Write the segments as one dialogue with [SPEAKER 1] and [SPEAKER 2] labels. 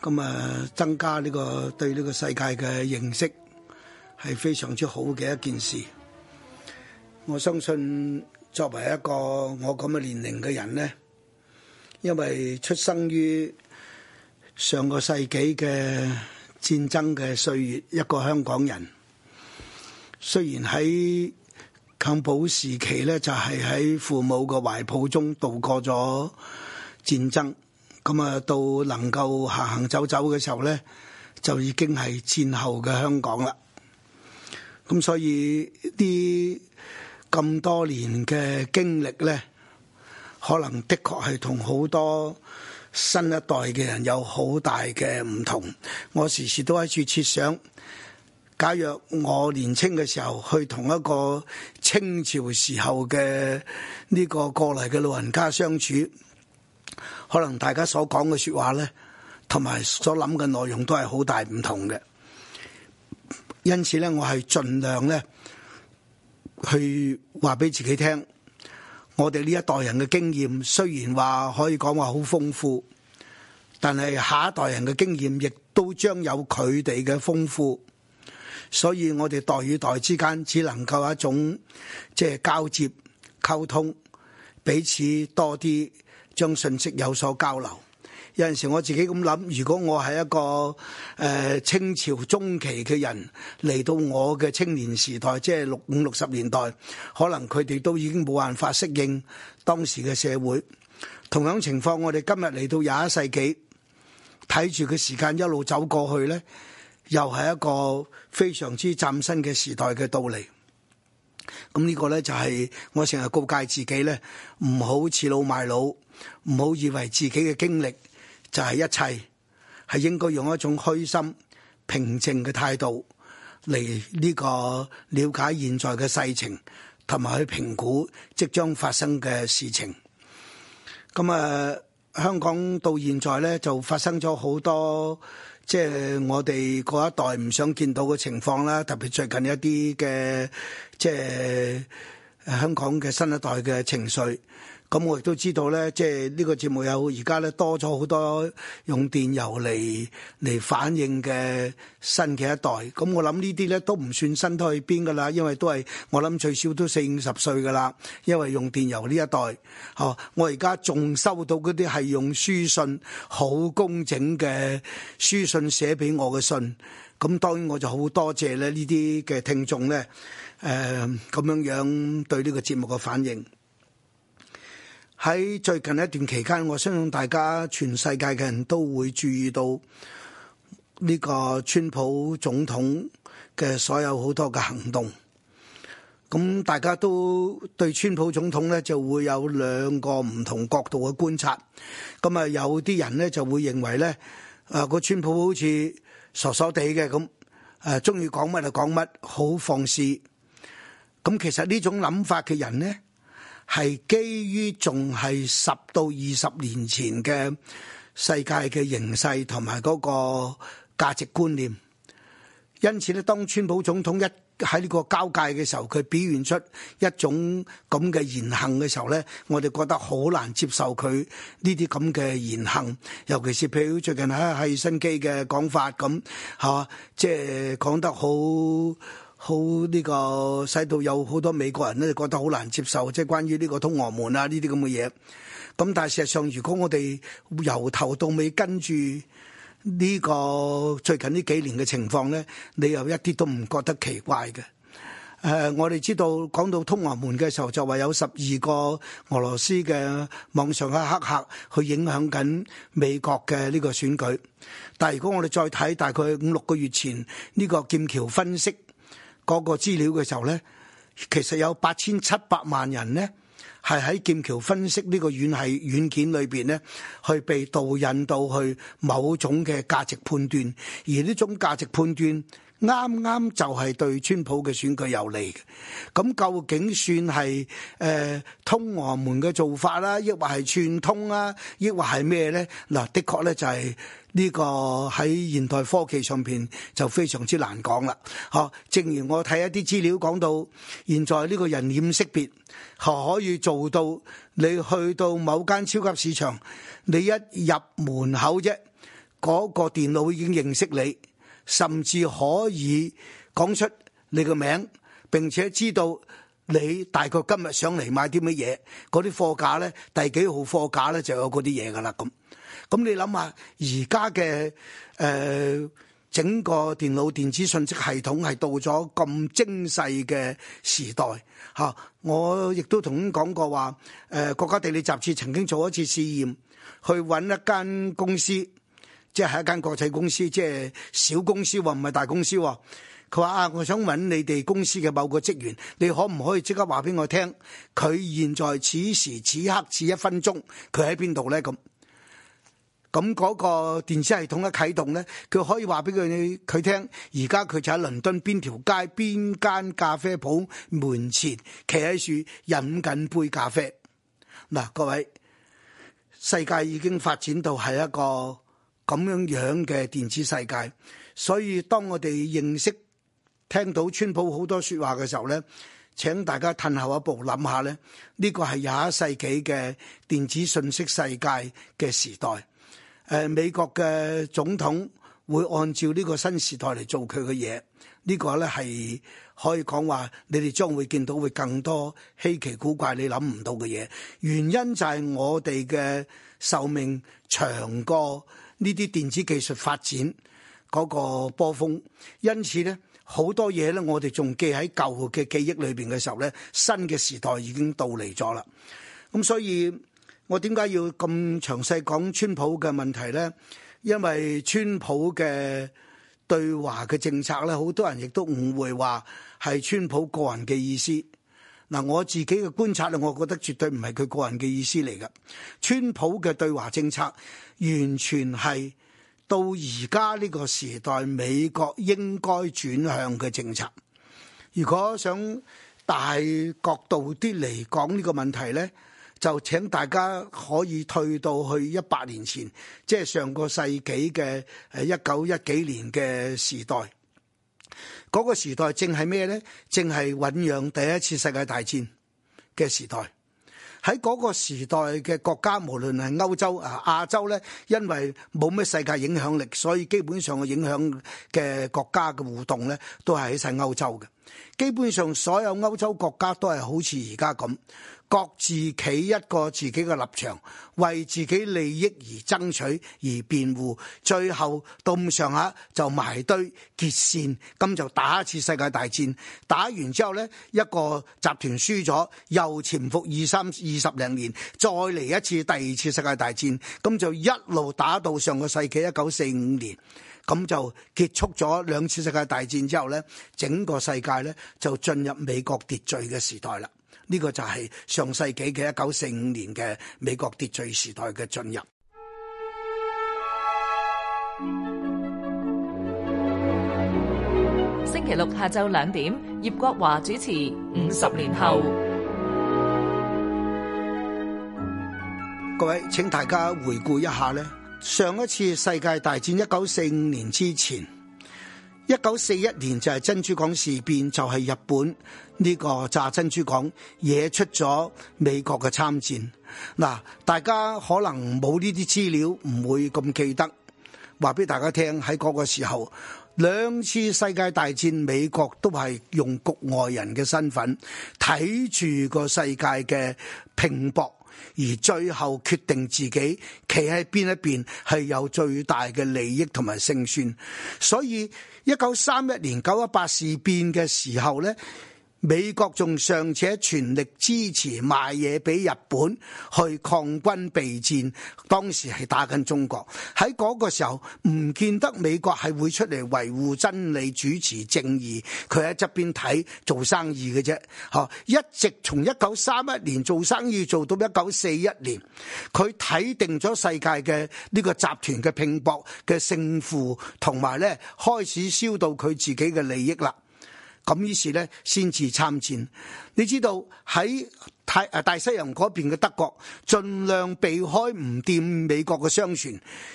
[SPEAKER 1] 咁啊，增加呢個對呢個世界嘅認識係非常之好嘅一件事。我相信作為一個我咁嘅年齡嘅人呢，因為出生於上個世紀嘅戰爭嘅歲月，一個香港人，雖然喺抗保時期呢，就係喺父母嘅懷抱中度過咗戰爭。咁啊，到能夠行行走走嘅時候呢，就已經係戰後嘅香港啦。咁所以啲咁多年嘅經歷呢，可能的確係同好多新一代嘅人有好大嘅唔同。我時時都喺處設想，假若我年青嘅時候去同一個清朝時候嘅呢個過嚟嘅老人家相處。可能大家所講嘅說話呢，同埋所諗嘅內容都係好大唔同嘅，因此呢，我係盡量呢去話俾自己聽，我哋呢一代人嘅經驗雖然話可以講話好豐富，但係下一代人嘅經驗亦都將有佢哋嘅豐富，所以我哋代與代之間只能夠一種即係交接溝通，彼此多啲。將信息有所交流，有陣時我自己咁諗，如果我係一個誒清朝中期嘅人嚟到我嘅青年時代，即係六五六十年代，可能佢哋都已經冇辦法適應當時嘅社會。同樣情況，我哋今日嚟到廿一世紀，睇住個時間一路走過去咧，又係一個非常之嶄新嘅時代嘅到嚟。咁呢個咧就係我成日告誡自己咧，唔好恃老賣老。唔好以為自己嘅經歷就係一切，係應該用一種虛心平靜嘅態度嚟，呢個了解現在嘅世情，同埋去評估即將發生嘅事情。咁啊，香港到現在咧就發生咗好多，即係我哋嗰一代唔想見到嘅情況啦，特別最近一啲嘅即係香港嘅新一代嘅情緒。咁我亦都知道咧，即係呢個節目有而家咧多咗好多用電郵嚟嚟反映嘅新嘅一代。咁我諗呢啲咧都唔算新推邊噶啦，因為都係我諗最少都四五十歲噶啦，因為用電郵呢一代。哦，我而家仲收到嗰啲係用書信好工整嘅書信寫俾我嘅信。咁當然我就好多謝咧呢啲嘅聽眾咧，誒、呃、咁樣樣對呢個節目嘅反應。喺最近一段期間，我相信大家全世界嘅人都會注意到呢個川普總統嘅所有好多嘅行動。咁大家都對川普總統咧就會有兩個唔同角度嘅觀察。咁啊，有啲人咧就會認為咧，誒，個川普好似傻傻地嘅咁，誒，中意講乜就講乜，好放肆。咁其實呢種諗法嘅人咧。係基於仲係十到二十年前嘅世界嘅形勢同埋嗰個價值觀念，因此咧，當川普總統一喺呢個交界嘅時候，佢表現出一種咁嘅言行嘅時候咧，我哋覺得好難接受佢呢啲咁嘅言行，尤其是譬如最近喺、啊、新機嘅講法咁，吓、啊，即係講得好。好呢個使到有好多美國人咧，覺得好難接受，即係關於呢個通俄門啊呢啲咁嘅嘢。咁但係事實上，如果我哋由頭到尾跟住呢個最近呢幾年嘅情況咧，你又一啲都唔覺得奇怪嘅。誒，我哋知道講到通俄門嘅時候，就話有十二個俄羅斯嘅網上嘅黑客去影響緊美國嘅呢個選舉，但係如果我哋再睇大概五六個月前呢個劍橋分析。個、嗰個資料嘅時候咧，其實有八千七百萬人咧，係喺劍橋分析呢個軟係軟件裏邊咧，去被導引到去某種嘅價值判斷，而呢種價值判斷。啱啱就係對川普嘅選舉有利嘅，咁究竟算係誒、呃、通俄門嘅做法啦，抑或係串通啦，抑或係咩呢？嗱，的確呢，就係呢個喺現代科技上邊就非常之難講啦。嗬，正如我睇一啲資料講到，現在呢個人臉識別可以做到，你去到某間超級市場，你一入門口啫，嗰、那個電腦已經認識你。甚至可以講出你個名，並且知道你大概今日上嚟買啲乜嘢，嗰啲貨架咧，第幾號貨架咧就有嗰啲嘢噶啦。咁，咁你諗下，而家嘅誒整個電腦電子信息系統係到咗咁精細嘅時代嚇、啊。我亦都同你講過話，誒、呃、國家地理雜誌曾經做一次試驗，去搵一間公司。即係一間國際公司，即係小公司，唔係大公司。佢話啊，我想揾你哋公司嘅某個職員，你可唔可以即刻話俾我聽，佢現在此時此刻，此一分鐘，佢喺邊度咧？咁咁嗰個電子系統一啟動咧，佢可以話俾佢佢聽，而家佢就喺倫敦邊條街邊間咖啡鋪門前企喺處飲緊杯咖啡嗱。各位，世界已經發展到係一個。咁樣樣嘅電子世界，所以當我哋認識聽到川普好多說話嘅時候呢，請大家褪後一步諗下呢，呢個係廿一世紀嘅電子信息世界嘅時代。呃，美國嘅總統會按照呢個新時代嚟做佢嘅嘢，呢，呢個呢係可以講話，你哋將會見到會更多稀奇古怪你諗唔到嘅嘢。原因就係我哋嘅壽命長過。呢啲電子技術發展嗰個波峰，因此咧好多嘢咧，我哋仲記喺舊嘅記憶裏邊嘅時候咧，新嘅時代已經到嚟咗啦。咁所以，我點解要咁詳細講川普嘅問題咧？因為川普嘅對華嘅政策咧，好多人亦都誤會話係川普個人嘅意思。嗱，我自己嘅觀察咧，我覺得絕對唔係佢個人嘅意思嚟㗎。川普嘅對華政策完全係到而家呢個時代美國應該轉向嘅政策。如果想大角度啲嚟講呢個問題呢，就請大家可以退到去一百年前，即係上個世紀嘅誒一九一幾年嘅時代。嗰個時代正係咩呢？正係醖釀第一次世界大戰嘅時代。喺嗰個時代嘅國家，無論係歐洲啊、亞洲呢，因為冇咩世界影響力，所以基本上嘅影響嘅國家嘅互動呢，都係喺晒歐洲嘅。基本上所有歐洲國家都係好似而家咁。各自企一個自己嘅立場，為自己利益而爭取而辯護，最後到咁上下就埋堆結線，咁就打一次世界大戰。打完之後咧，一個集團輸咗，又潛伏二三二十零年，再嚟一次第二次世界大戰，咁就一路打到上個世紀一九四五年，咁就結束咗兩次世界大戰之後咧，整個世界咧就進入美國秩序嘅時代啦。呢個就係上世紀嘅一九四五年嘅美國秩序時代嘅進入。星期六下晝兩點，葉國華主持《五十年後》年後。各位，請大家回顧一下呢，上一次世界大戰一九四五年之前，一九四一年就係珍珠港事變，就係日本。呢、這個炸珍珠港惹出咗美國嘅參戰。嗱，大家可能冇呢啲資料，唔會咁記得。話俾大家聽，喺嗰個時候，兩次世界大戰，美國都係用局外人嘅身份睇住個世界嘅拼搏，而最後決定自己企喺邊一邊係有最大嘅利益同埋勝算。所以，一九三一年九一八事變嘅時候呢。美國仲尚且全力支持賣嘢俾日本去抗軍備戰，當時係打緊中國。喺嗰個時候，唔見得美國係會出嚟維護真理、主持正義，佢喺側邊睇做生意嘅啫。嗬，一直從一九三一年做生意做到一九四一年，佢睇定咗世界嘅呢個集團嘅拼搏嘅勝負，同埋咧開始燒到佢自己嘅利益啦。咁於是咧，先至參戰，你知道喺？大西洋嗰邊嘅德國盡量避開唔掂美國嘅商船，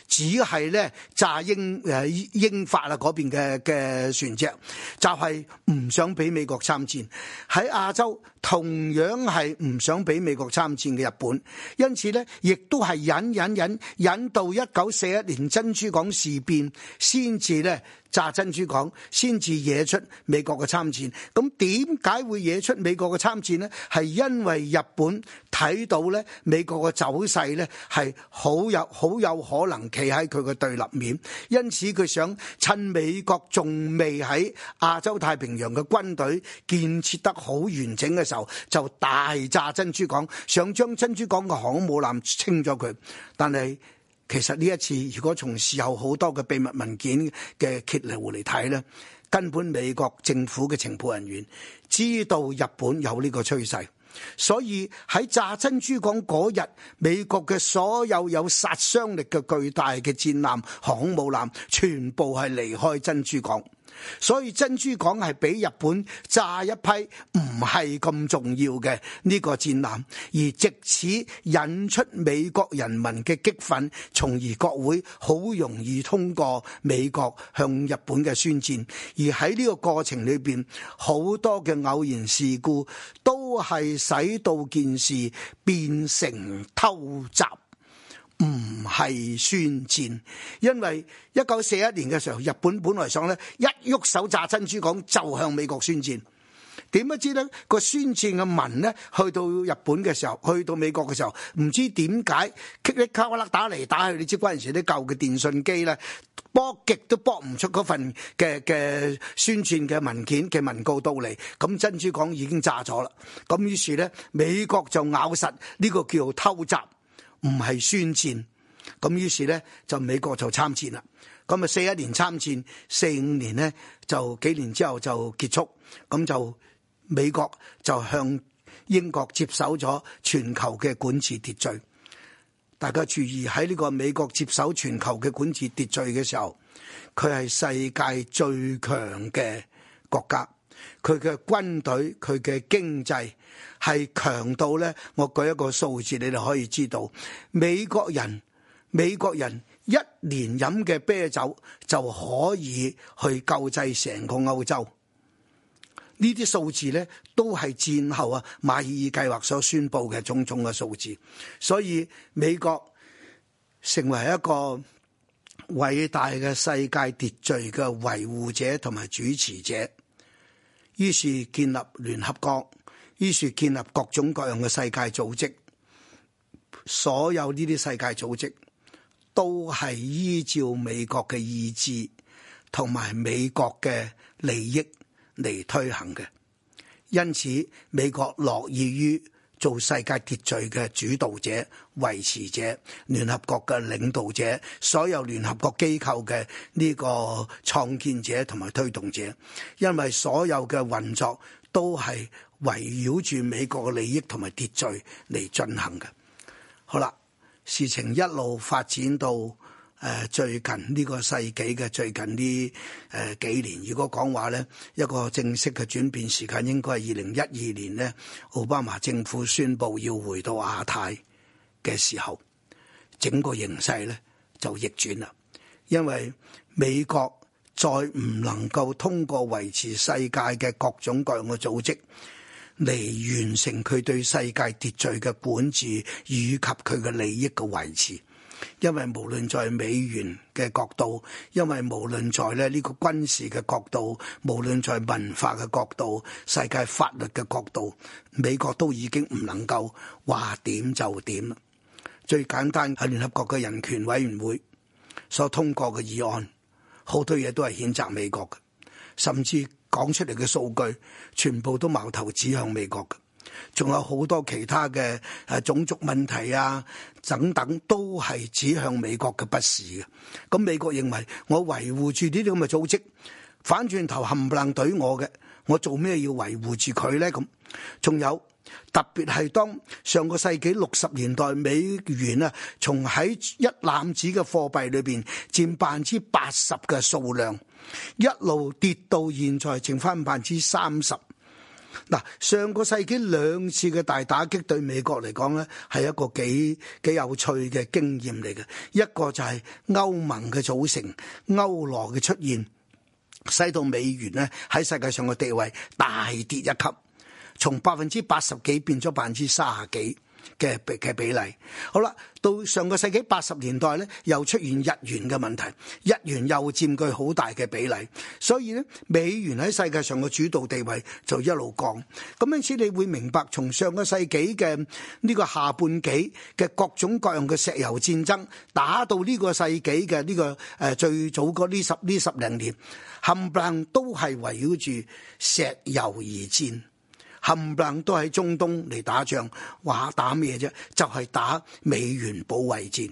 [SPEAKER 1] 只係咧炸英誒英法啊嗰邊嘅嘅船隻就係、是，唔想俾美國參戰，喺亞洲同樣係唔想俾美國參戰嘅日本，因此咧亦都係忍忍忍忍到一九四一年珍珠港事變先至咧炸珍珠港，先至惹出美國嘅參戰，咁點解會惹出美國嘅參戰咧？係因為。日本睇到咧，美國嘅走勢咧係好有好有可能企喺佢嘅對立面，因此佢想趁美國仲未喺亞洲太平洋嘅軍隊建設得好完整嘅時候，就大炸珍珠港，想將珍珠港嘅航空母艦清咗佢。但係其實呢一次，如果從事後好多嘅秘密文件嘅揭露出嚟睇咧，根本美國政府嘅情報人員知道日本有呢個趨勢。所以喺炸珍珠港嗰日，美國嘅所有有殺傷力嘅巨大嘅戰艦、航空母艦，全部係離開珍珠港。所以珍珠港係俾日本炸一批唔係咁重要嘅呢個戰艦，而借此引出美國人民嘅激憤，從而國會好容易通過美國向日本嘅宣戰。而喺呢個過程裏邊，好多嘅偶然事故都係使到件事變成偷襲。唔係宣戰，因為一九四一年嘅時候，日本本來想咧一喐手炸珍珠港就向美國宣戰，點不知咧個宣戰嘅文呢，去到日本嘅時候，去到美國嘅時候，唔知點解噼里卡啦打嚟，打去，你知嗰陣時啲舊嘅電訊機咧，波極都波唔出嗰份嘅嘅宣戰嘅文件嘅文告到嚟，咁珍珠港已經炸咗啦，咁於是呢，美國就咬實呢個叫做偷襲。唔係宣戰，咁於是呢，就美國就參戰啦。咁啊四一年參戰，四五年呢，就幾年之後就結束。咁就美國就向英國接手咗全球嘅管治秩序。大家注意喺呢個美國接手全球嘅管治秩序嘅時候，佢係世界最強嘅國家。佢嘅軍隊，佢嘅經濟係強到呢。我舉一個數字，你哋可以知道，美國人美國人一年飲嘅啤酒就可以去救濟成個歐洲。呢啲數字呢，都係戰後啊馬歇爾計劃所宣布嘅種種嘅數字。所以美國成為一個偉大嘅世界秩序嘅維護者同埋主持者。於是建立聯合國，於是建立各種各樣嘅世界組織，所有呢啲世界組織都係依照美國嘅意志同埋美國嘅利益嚟推行嘅，因此美國樂意於做世界秩序嘅主導者、維持者、聯合國嘅領導者、所有聯合國機構嘅呢個創建者同埋推動者，因為所有嘅運作都係圍繞住美國嘅利益同埋秩序嚟進行嘅。好啦，事情一路發展到。.誒，最近呢個世紀嘅最近呢，誒，幾年，如果講話咧，一個正式嘅轉變時間應該係二零一二年咧，奧巴馬政府宣布要回到亞太嘅時候，整個形勢咧就逆轉啦，因為美國再唔能夠通過維持世界嘅各種各樣嘅組織嚟完成佢對世界秩序嘅管治以及佢嘅利益嘅維持。因為無論在美元嘅角度，因為無論在咧呢個軍事嘅角度，無論在文化嘅角度，世界法律嘅角度，美國都已經唔能夠話點就點啦。最簡單喺聯合國嘅人權委員會所通過嘅議案，好多嘢都係譴責美國嘅，甚至講出嚟嘅數據全部都矛頭指向美國嘅。仲有好多其他嘅誒種族問題啊，等等都係指向美國嘅不是嘅。咁美國認為我維護住呢啲咁嘅組織，反轉頭冚唪唥懟我嘅，我做咩要維護住佢咧？咁仲有特別係當上個世紀六十年代美元啊，從喺一攬子嘅貨幣裏邊占百分之八十嘅數量，一路跌到現在剩翻百分之三十。嗱，上個世紀兩次嘅大打擊對美國嚟講咧，係一個幾幾有趣嘅經驗嚟嘅。一個就係歐盟嘅組成、歐羅嘅出現，使到美元咧喺世界上嘅地位大跌一級，從百分之八十幾變咗百分之三十幾。嘅嘅比例，好啦，到上個世紀八十年代咧，又出現日元嘅問題，日元又佔據好大嘅比例，所以咧美元喺世界上嘅主導地位就一路降。咁因此你會明白，從上個世紀嘅呢個下半幾嘅各種各樣嘅石油戰爭，打到呢個世紀嘅呢個誒最早嗰呢十呢十零年，冚唪唥都係圍繞住石油而戰。冚唪唥都喺中東嚟打仗，話打咩啫？就係打美元保衛戰。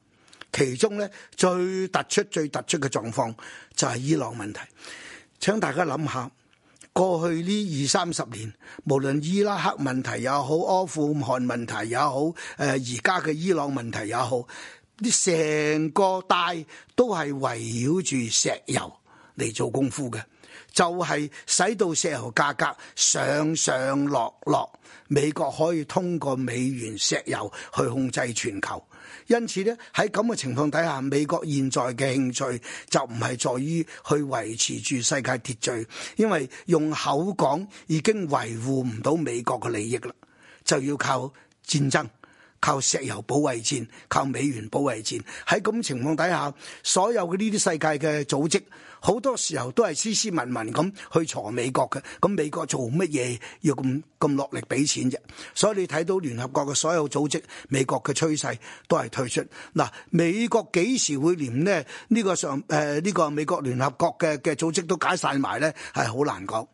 [SPEAKER 1] 其中咧，最突出、最突出嘅狀況就係伊朗問題。請大家諗下，過去呢二三十年，無論伊拉克問題也好、阿富汗問題也好、誒而家嘅伊朗問題也好，啲成個帶都係圍繞住石油嚟做功夫嘅，就係、是、使到石油價格上上落落，美國可以通過美元、石油去控制全球。因此咧，喺咁嘅情況底下，美國現在嘅興趣就唔係在於去維持住世界秩序，因為用口講已經維護唔到美國嘅利益啦，就要靠戰爭。靠石油保衛戰，靠美元保衛戰。喺咁情況底下，所有嘅呢啲世界嘅組織，好多時候都係斯斯文文咁去鋤美國嘅。咁美國做乜嘢要咁咁落力俾錢啫？所以你睇到聯合國嘅所有組織，美國嘅趨勢都係退出。嗱，美國幾時會連咧、這個？呢個上誒呢個美國聯合國嘅嘅組織都解曬埋咧，係好難講。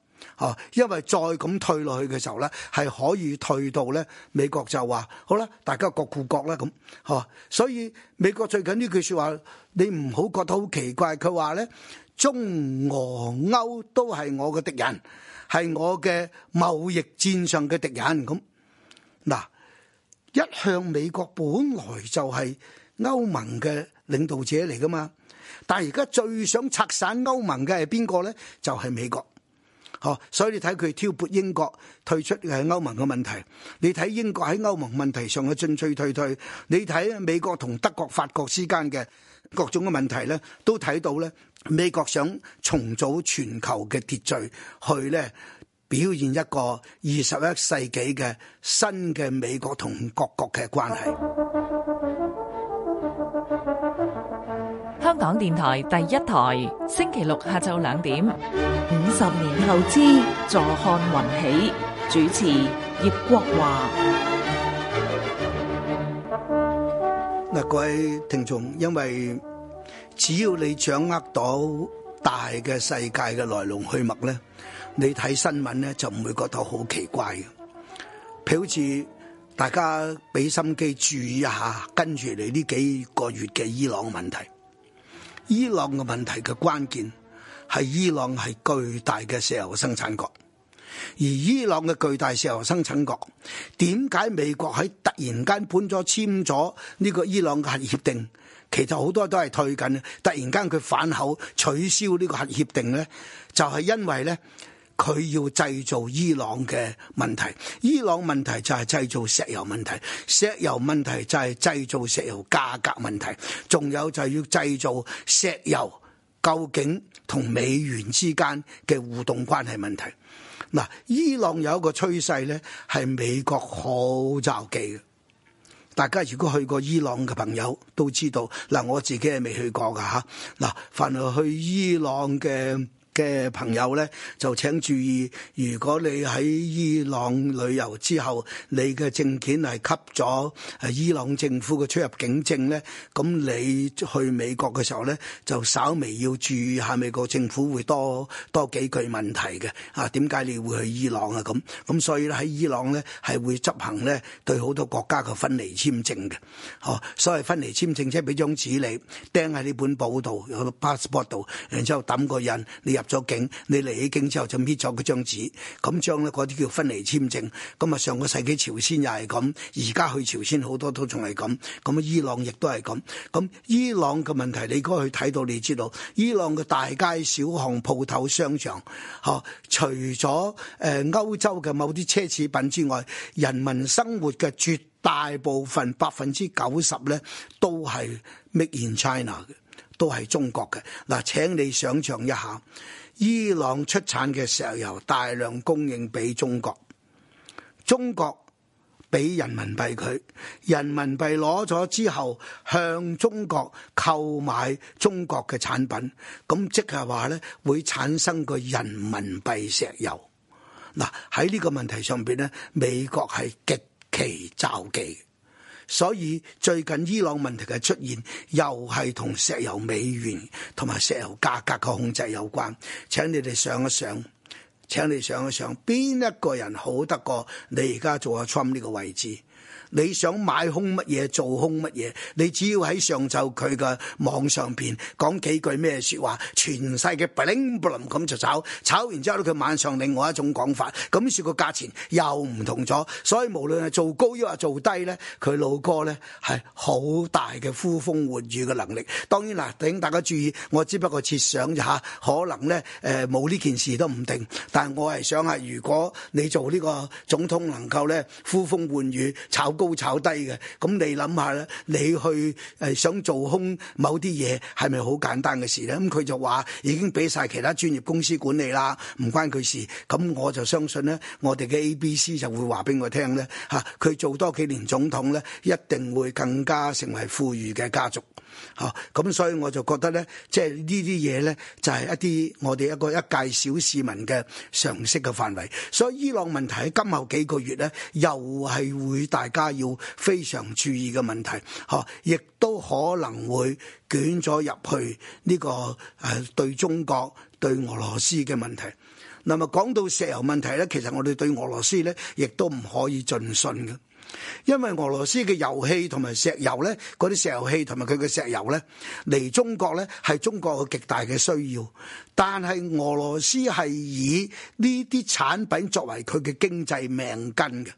[SPEAKER 1] 因為再咁退落去嘅時候咧，係可以退到咧，美國就話好啦，大家各顧各啦，咁，所以美國最近呢句說話，你唔好覺得好奇怪。佢話咧，中俄歐都係我嘅敵人，係我嘅貿易戰上嘅敵人。咁嗱，一向美國本來就係歐盟嘅領導者嚟噶嘛，但係而家最想拆散歐盟嘅係邊個咧？就係美國。所以你睇佢挑撥英國退出嘅歐盟嘅問題，你睇英國喺歐盟問題上嘅進退退退，你睇美國同德國、法國之間嘅各種嘅問題咧，都睇到咧美國想重組全球嘅秩序，去咧表現一個二十一世紀嘅新嘅美國同各國嘅關係。港電台第一台，星期六下晝兩點。五十年後之，坐看雲起。主持葉國華。嗱，各位聽眾，因為只要你掌握到大嘅世界嘅來龍去脈咧，你睇新聞咧就唔會覺得好奇怪嘅。譬如好似大家俾心機注意一下，跟住你呢幾個月嘅伊朗問題。伊朗嘅問題嘅關鍵係伊朗係巨大嘅石油生產國，而伊朗嘅巨大石油生產國點解美國喺突然間搬咗簽咗呢個伊朗嘅核協定？其實好多都係退緊，突然間佢反口取消呢個核協定呢，就係、是、因為呢。佢要製造伊朗嘅問題，伊朗問題就係製造石油問題，石油問題就係製造石油價格問題，仲有就係要製造石油究竟同美元之間嘅互動關係問題。嗱，伊朗有一個趨勢咧，係美國好罩忌嘅。大家如果去過伊朗嘅朋友都知道，嗱，我自己係未去過噶嚇。嗱，凡係去伊朗嘅嘅朋友咧，就請注意，如果你喺伊朗旅遊之後，你嘅證件係給咗誒伊朗政府嘅出入境證咧，咁你去美國嘅時候咧，就稍微要注意下美國政府會多多幾句問題嘅啊，點解你會去伊朗啊？咁咁所以咧喺伊朗咧係會執行咧對好多國家嘅分離簽證嘅，哦，所謂分離簽證即係俾張紙你釘喺呢本簿度，喺 passport 度，然之後抌個印，你入。咗境，你嚟起境之後就搣咗嗰張紙，咁將咧嗰啲叫分離簽證。咁啊上個世紀朝鮮又係咁，而家去朝鮮好多都仲係咁。咁伊朗亦都係咁。咁伊朗嘅問題你該去睇到，你知道伊朗嘅大街小巷鋪頭商場，嚇，除咗誒歐洲嘅某啲奢侈品之外，人民生活嘅絕大部分百分之九十咧都係 made in China 嘅。都係中國嘅。嗱，請你想象一下，伊朗出產嘅石油大量供應俾中國，中國俾人民幣佢，人民幣攞咗之後向中國購買中國嘅產品，咁即係話呢，會產生個人民幣石油。嗱，喺呢個問題上邊呢，美國係極其着忌。所以最近伊朗問題嘅出現又係同石油美元同埋石油價格嘅控制有關，請你哋想一想，請你哋想一想，邊一個人好得過你而家做阿 Trump 呢個位置？你想買空乜嘢做空乜嘢？你只要喺上晝佢嘅網上邊講幾句咩說話，全世界 bling bling 咁就炒，炒完之後咧佢晚上另外一種講法，咁說個價錢又唔同咗。所以無論係做高抑或做低咧，佢老哥咧係好大嘅呼風喚雨嘅能力。當然啦請大家注意，我只不過設想一下可能咧誒冇呢件事都唔定，但係我係想係如果你做呢個總統能夠咧呼風喚雨炒。高炒低嘅，咁你諗下咧，你去誒想做空某啲嘢，係咪好簡單嘅事咧？咁佢就話已經俾晒其他專業公司管理啦，唔關佢事。咁我就相信咧，我哋嘅 A B C 就會話俾我聽咧吓，佢做多幾年總統咧，一定會更加成為富裕嘅家族。吓，咁所以我就覺得咧，即係呢啲嘢咧，就係一啲我哋一個一介小市民嘅常識嘅範圍，所以伊朗問題喺今後幾個月咧，又係會大家。要非常注意嘅問題，嚇，亦都可能會捲咗入去呢個誒對中國對俄羅斯嘅問題。嗱，啊，講到石油問題咧，其實我哋對俄羅斯咧，亦都唔可以盡信嘅。因為俄羅斯嘅油氣同埋石油呢，嗰啲石油氣同埋佢嘅石油呢，嚟中國呢，係中國嘅極大嘅需要，但係俄羅斯係以呢啲產品作為佢嘅經濟命根嘅，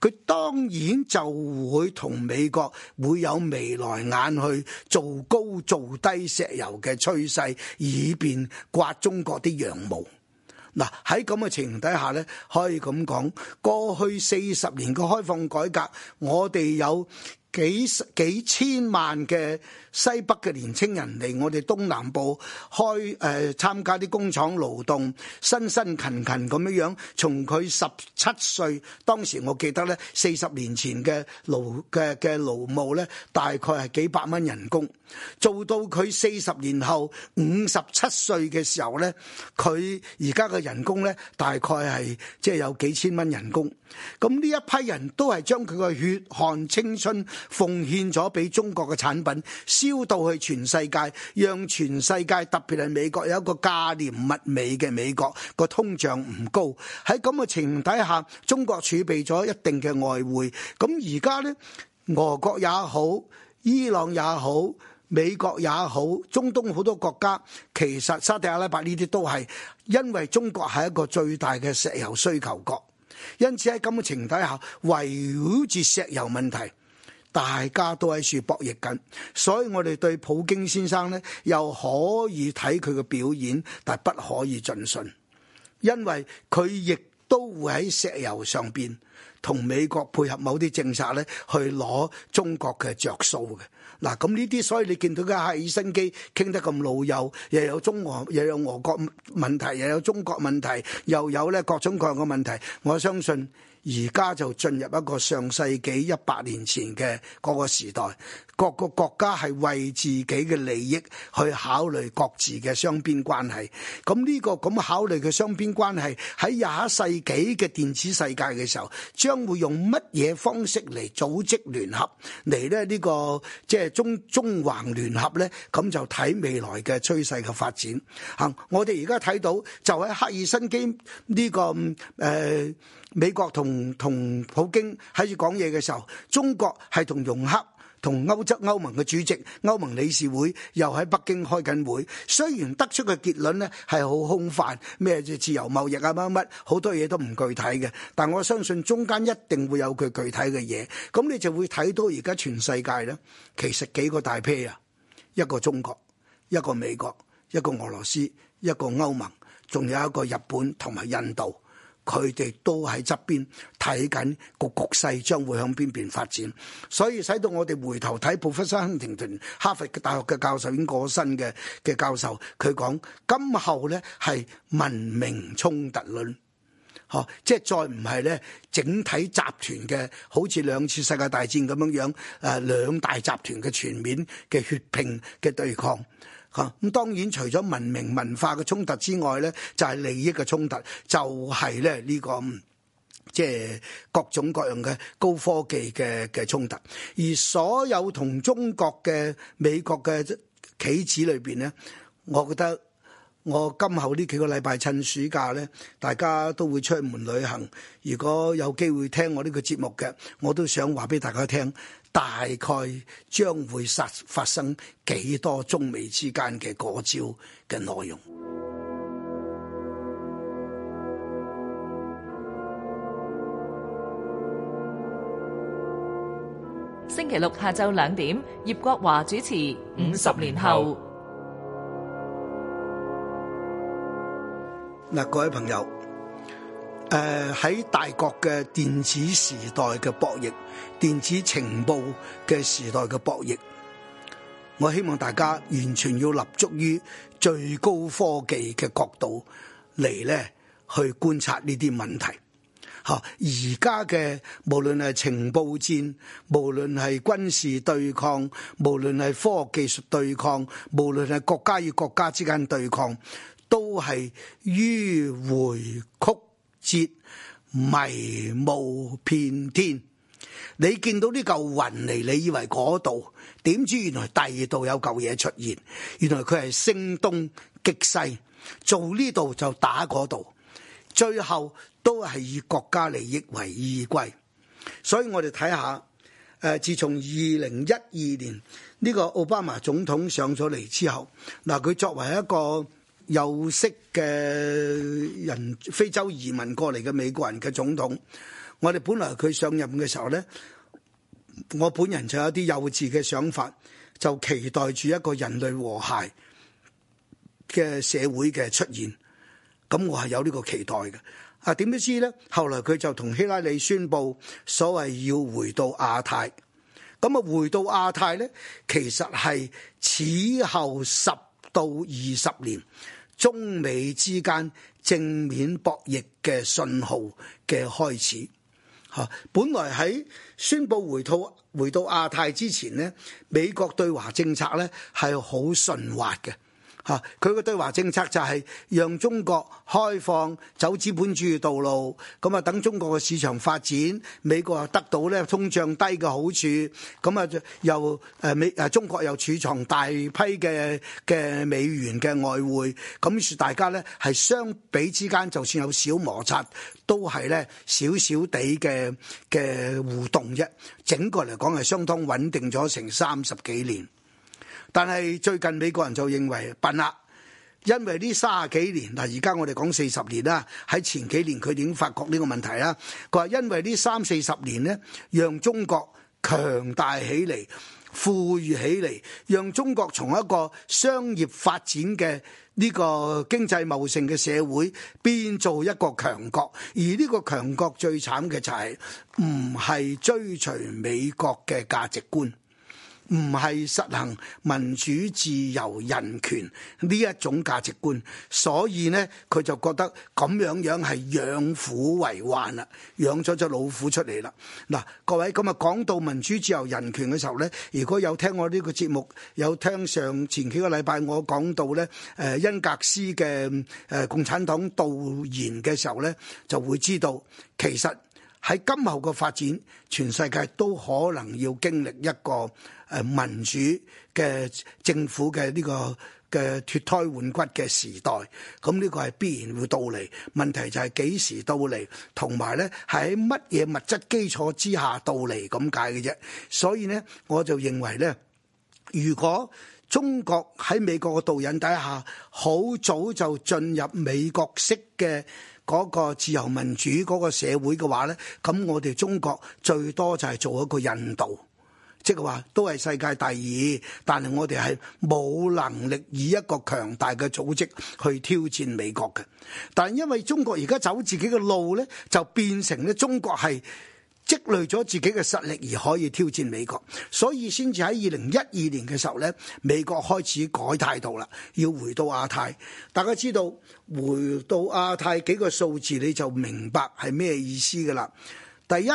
[SPEAKER 1] 佢當然就會同美國會有眉來眼去做高做低石油嘅趨勢，以便刮中國啲羊毛。嗱，喺咁嘅情形底下咧，可以咁講，過去四十年嘅開放改革，我哋有，幾幾千萬嘅西北嘅年青人嚟我哋東南部開誒、呃、參加啲工廠勞動，辛辛勤勤咁樣樣。從佢十七歲，當時我記得呢，四十年前嘅勞嘅嘅勞務呢，大概係幾百蚊人工。做到佢四十年後五十七歲嘅時候呢，佢而家嘅人工呢，大概係即係有幾千蚊人工。咁呢一批人都係將佢嘅血汗青春。奉獻咗俾中國嘅產品，銷到去全世界，讓全世界特別係美國有一個價廉物美嘅美國個通脹唔高。喺咁嘅情況下，中國儲備咗一定嘅外匯。咁而家呢，俄國也好，伊朗也好，美國也好，中東好多國家，其實沙特阿拉伯呢啲都係因為中國係一個最大嘅石油需求國，因此喺咁嘅情況下，圍繞住石油問題。大家都喺處博弈緊，所以我哋對普京先生呢，又可以睇佢嘅表演，但不可以盡信，因為佢亦都會喺石油上面同美國配合某啲政策呢，去攞中國嘅着數嘅。嗱，咁呢啲所以你見到嘅赫爾辛基傾得咁老友，又有中俄又有俄國問題，又有中國問題，又有咧各種各樣嘅問題，我相信。而家就進入一個上世紀一百年前嘅嗰個時代。各個國家係為自己嘅利益去考慮各自嘅雙邊關係。咁呢個咁考慮嘅雙邊關係喺廿一世紀嘅電子世界嘅時候，將會用乜嘢方式嚟組織聯合嚟咧？呢個即係中中橫聯合咧，咁就睇未來嘅趨勢嘅發展。吓，我哋而家睇到就喺赫爾辛基呢個誒美國同同普京喺度講嘢嘅時候，中國係同融合。同歐洲、歐盟嘅主席、歐盟理事會又喺北京開緊會，雖然得出嘅結論呢係好空泛，咩自由貿易啊，乜乜好多嘢都唔具體嘅，但我相信中間一定會有佢具體嘅嘢。咁你就會睇到而家全世界咧，其實幾個大批啊，一個中國、一個美國、一個俄羅斯、一個歐盟，仲有一個日本同埋印度。佢哋都喺側邊睇緊個局勢將會向邊邊發展，所以使到我哋回頭睇，布什山亨廷頓哈佛大學嘅教授，已經過身嘅嘅教授，佢講今後咧係文明衝突論，嚇，即係再唔係咧整體集團嘅，好似兩次世界大戰咁樣樣誒兩大集團嘅全面嘅血拼嘅對抗。咁當然除咗文明文化嘅衝突之外咧，就係、是、利益嘅衝突，就係咧呢個即係、就是、各種各樣嘅高科技嘅嘅衝突，而所有同中國嘅美國嘅棋子裏邊，咧，我覺得。我今後呢幾個禮拜趁暑假呢，大家都會出門旅行。如果有機會聽我呢個節目嘅，我都想話俾大家聽，大概將會發生幾多中美之間嘅過招嘅內容。星期六下晝兩點，葉國華主持《五十年後》。嗱，各位朋友，誒喺大國嘅電子時代嘅博弈、電子情報嘅時代嘅博弈，我希望大家完全要立足於最高科技嘅角度嚟咧去觀察呢啲問題。嚇，而家嘅無論係情報戰，無論係軍事對抗，無論係科學技術對抗，無論係國家與國家之間對抗。都係迂回曲折、迷霧遍天。你見到呢嚿雲嚟，你以為嗰度，點知原來第二度有嚿嘢出現。原來佢係聲東擊西，做呢度就打嗰度，最後都係以國家利益為依歸。所以我哋睇下，誒，自從二零一二年呢個奧巴馬總統上咗嚟之後，嗱，佢作為一個有色嘅人，非洲移民過嚟嘅美國人嘅總統，我哋本來佢上任嘅時候呢，我本人就有啲幼稚嘅想法，就期待住一個人類和諧嘅社會嘅出現。咁我係有呢個期待嘅。啊，點都知呢？後來佢就同希拉里宣布，所謂要回到亞太。咁啊，回到亞太呢，其實係此後十到二十年，中美之間正面博弈嘅信號嘅開始，嚇！本來喺宣布回到回到亞太之前咧，美國對華政策咧係好順滑嘅。嚇，佢個對華政策就係讓中國開放走資本主義道路，咁啊等中國嘅市場發展，美國啊得到咧通脹低嘅好處，咁啊又誒美誒中國又儲藏大批嘅嘅美元嘅外匯，咁說大家咧係相比之間，就算有小摩擦，都係咧少少地嘅嘅互動啫。整個嚟講係相當穩定咗成三十幾年。但係最近美國人就認為笨啦，因為呢三十十幾年嗱，而家我哋講四十年啦，喺前幾年佢已經發覺呢個問題啦。佢話因為呢三四十年呢，讓中國強大起嚟、富裕起嚟，讓中國從一個商業發展嘅呢個經濟茂盛嘅社會變做一個強國。而呢個強國最慘嘅就係唔係追隨美國嘅價值觀。唔係實行民主自由人權呢一種價值觀，所以呢，佢就覺得咁樣樣係養虎為患啦，養咗隻老虎出嚟啦。嗱，各位咁啊，講到民主自由人權嘅時候呢，如果有聽我呢個節目，有聽上前幾個禮拜我講到呢，誒恩格斯嘅誒共產黨導言嘅時候呢，就會知道其實。喺今後嘅發展，全世界都可能要經歷一個誒民主嘅政府嘅呢個嘅脫胎換骨嘅時代，咁呢個係必然會到嚟。問題就係幾時到嚟，同埋呢係喺乜嘢物質基礎之下到嚟咁解嘅啫。所以呢，我就認為呢，如果中國喺美國嘅導引底下，好早就進入美國式嘅。嗰個自由民主嗰個社會嘅話呢，咁我哋中國最多就係做一個印度，即係話都係世界第二，但係我哋係冇能力以一個強大嘅組織去挑戰美國嘅。但係因為中國而家走自己嘅路呢，就變成咧中國係。積累咗自己嘅實力而可以挑戰美國，所以先至喺二零一二年嘅時候咧，美國開始改態度啦，要回到亞太。大家知道回到亞太幾個數字你就明白係咩意思㗎啦。第一，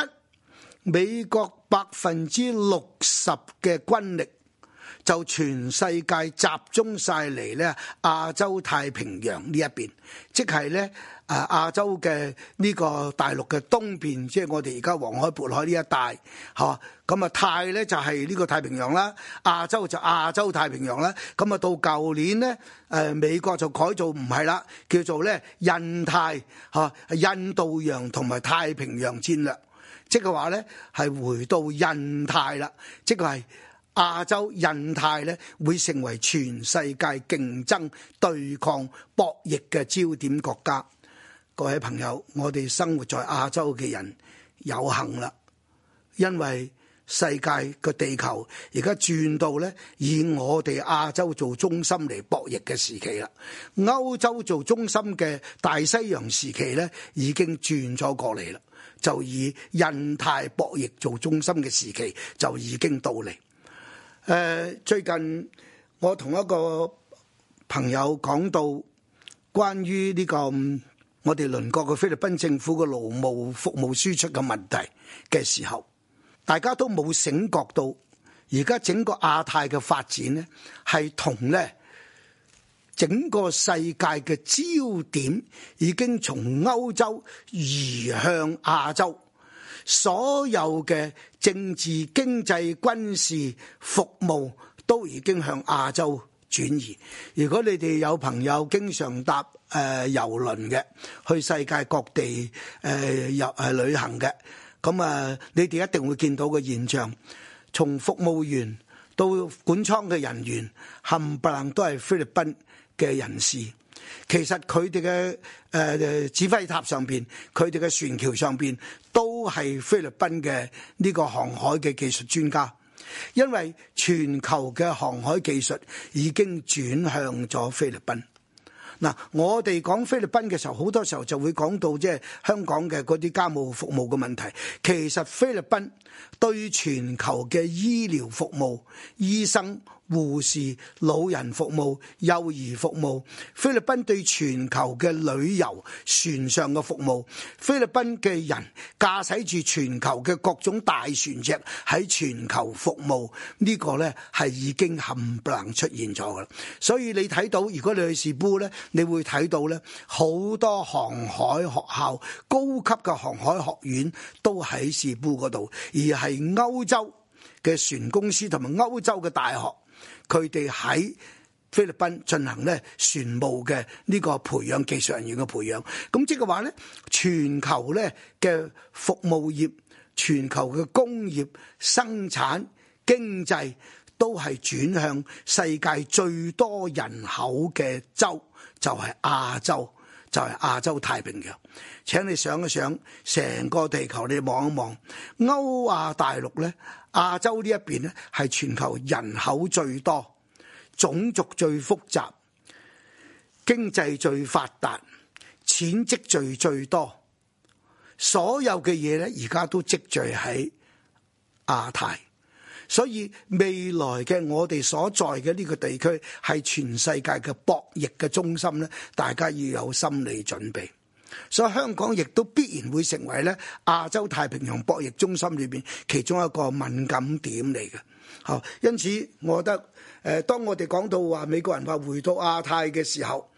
[SPEAKER 1] 美國百分之六十嘅軍力就全世界集中晒嚟咧亞洲太平洋呢一邊，即係咧。誒亞洲嘅呢個大陸嘅東邊，即係我哋而家黃海、渤海呢一帶，吓，咁啊泰呢就係呢個太平洋啦。亞洲就亞洲太平洋啦。咁啊到舊年呢，誒美國就改做唔係啦，叫做咧印太吓，印度洋同埋太平洋戰略，即係話呢係回到印太啦，即係亞洲印太呢會成為全世界競爭對抗博弈嘅焦點國家。各位朋友，我哋生活在亞洲嘅人有幸啦，因為世界個地球而家轉到咧以我哋亞洲做中心嚟博弈嘅時期啦，歐洲做中心嘅大西洋時期咧已經轉咗過嚟啦，就以印太博弈做中心嘅時期就已經到嚟。誒、呃，最近我同一個朋友講到關於呢、這個。我哋鄰國嘅菲律賓政府嘅勞務服務輸出嘅問題嘅時候，大家都冇醒覺到，而家整個亞太嘅發展呢，係同呢整個世界嘅焦點已經從歐洲移向亞洲，所有嘅政治、經濟、軍事服務都已經向亞洲轉移。如果你哋有朋友經常搭。誒、呃、遊輪嘅去世界各地誒旅行嘅，咁、呃、啊、呃呃呃呃呃，你哋一定會見到個現象，從服務員到管倉嘅人員，冚唪唥都係菲律賓嘅人士。其實佢哋嘅誒指揮塔上面，佢哋嘅船橋上面，都係菲律賓嘅呢個航海嘅技術專家。因為全球嘅航海技術已經轉向咗菲律賓。嗱，我哋講菲律賓嘅時候，好多時候就會講到即係香港嘅嗰啲家務服務嘅問題。其實菲律賓對全球嘅醫療服務、醫生。護士、老人服務、幼兒服務，菲律賓對全球嘅旅遊船上嘅服務，菲律賓嘅人駕駛住全球嘅各種大船隻喺全球服務，呢、呢個呢係已經冚唪唥出現咗㗎。所以你睇到，如果你去士砵呢，你會睇到呢好多航海學校、高級嘅航海學院都喺士砵嗰度，而係歐洲嘅船公司同埋歐洲嘅大學。佢哋喺菲律賓進行咧船務嘅呢個培養技術人員嘅培養，咁即係話咧全球咧嘅服務業、全球嘅工業生產經濟都係轉向世界最多人口嘅洲，就係亞洲，就係亞洲太平洋。請你想一想，成個地球你望一望，歐亞大陸咧。亞洲呢一邊呢係全球人口最多、種族最複雜、經濟最發達、錢積聚最多，所有嘅嘢呢，而家都積聚喺亞太。所以未來嘅我哋所在嘅呢個地區係全世界嘅博弈嘅中心呢，大家要有心理準備。所以香港亦都必然會成為咧亞洲太平洋博弈中心裏邊其中一個敏感點嚟嘅。吓，因此我覺得，誒、呃，當我哋講到話美國人話回到亞太嘅時候，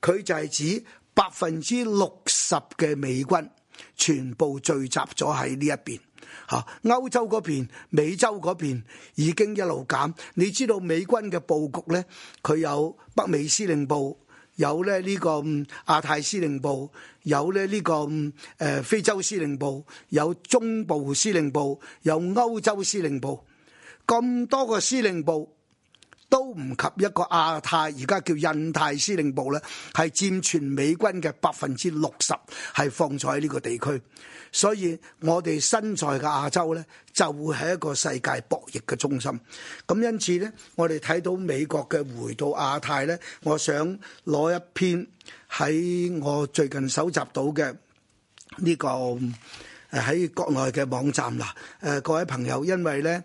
[SPEAKER 1] 佢就係指百分之六十嘅美軍全部聚集咗喺呢一邊。吓，歐洲嗰邊、美洲嗰邊已經一路減。你知道美軍嘅布局咧，佢有北美司令部。有咧呢個亞太司令部，有咧呢個誒非洲司令部，有中部司令部，有歐洲司令部，咁多個司令部，都唔及一個亞太，而家叫印太司令部呢係佔全美軍嘅百分之六十，係放在呢個地區。所以，我哋身在嘅亞洲呢就會係一個世界博弈嘅中心。咁因此呢，我哋睇到美國嘅回到亞太呢我想攞一篇喺我最近搜集到嘅呢個喺國內嘅網站啦，呃，各位朋友，因為呢。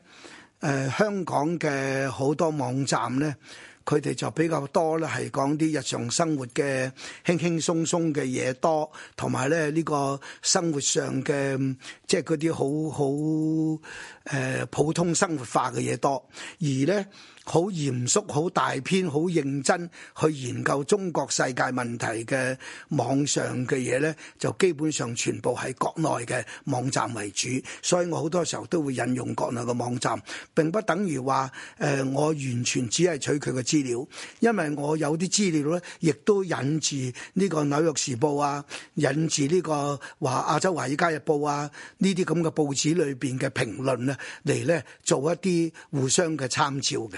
[SPEAKER 1] 誒、呃、香港嘅好多網站咧，佢哋就比較多咧，係講啲日常生活嘅輕輕鬆鬆嘅嘢多，同埋咧呢、呢個生活上嘅即係嗰啲好好，就是誒普通生活化嘅嘢多，而咧好嚴肅好大篇、好認真去研究中國世界問題嘅網上嘅嘢咧，就基本上全部係國內嘅網站為主。所以我好多時候都會引用國內嘅網站，並不等於話誒我完全只係取佢嘅資料，因為我有啲資料咧，亦都引住呢個紐約時報啊，引住呢個話亞洲華爾街日報啊，呢啲咁嘅報紙裏邊嘅評論。嚟咧做一啲互相嘅參照嘅。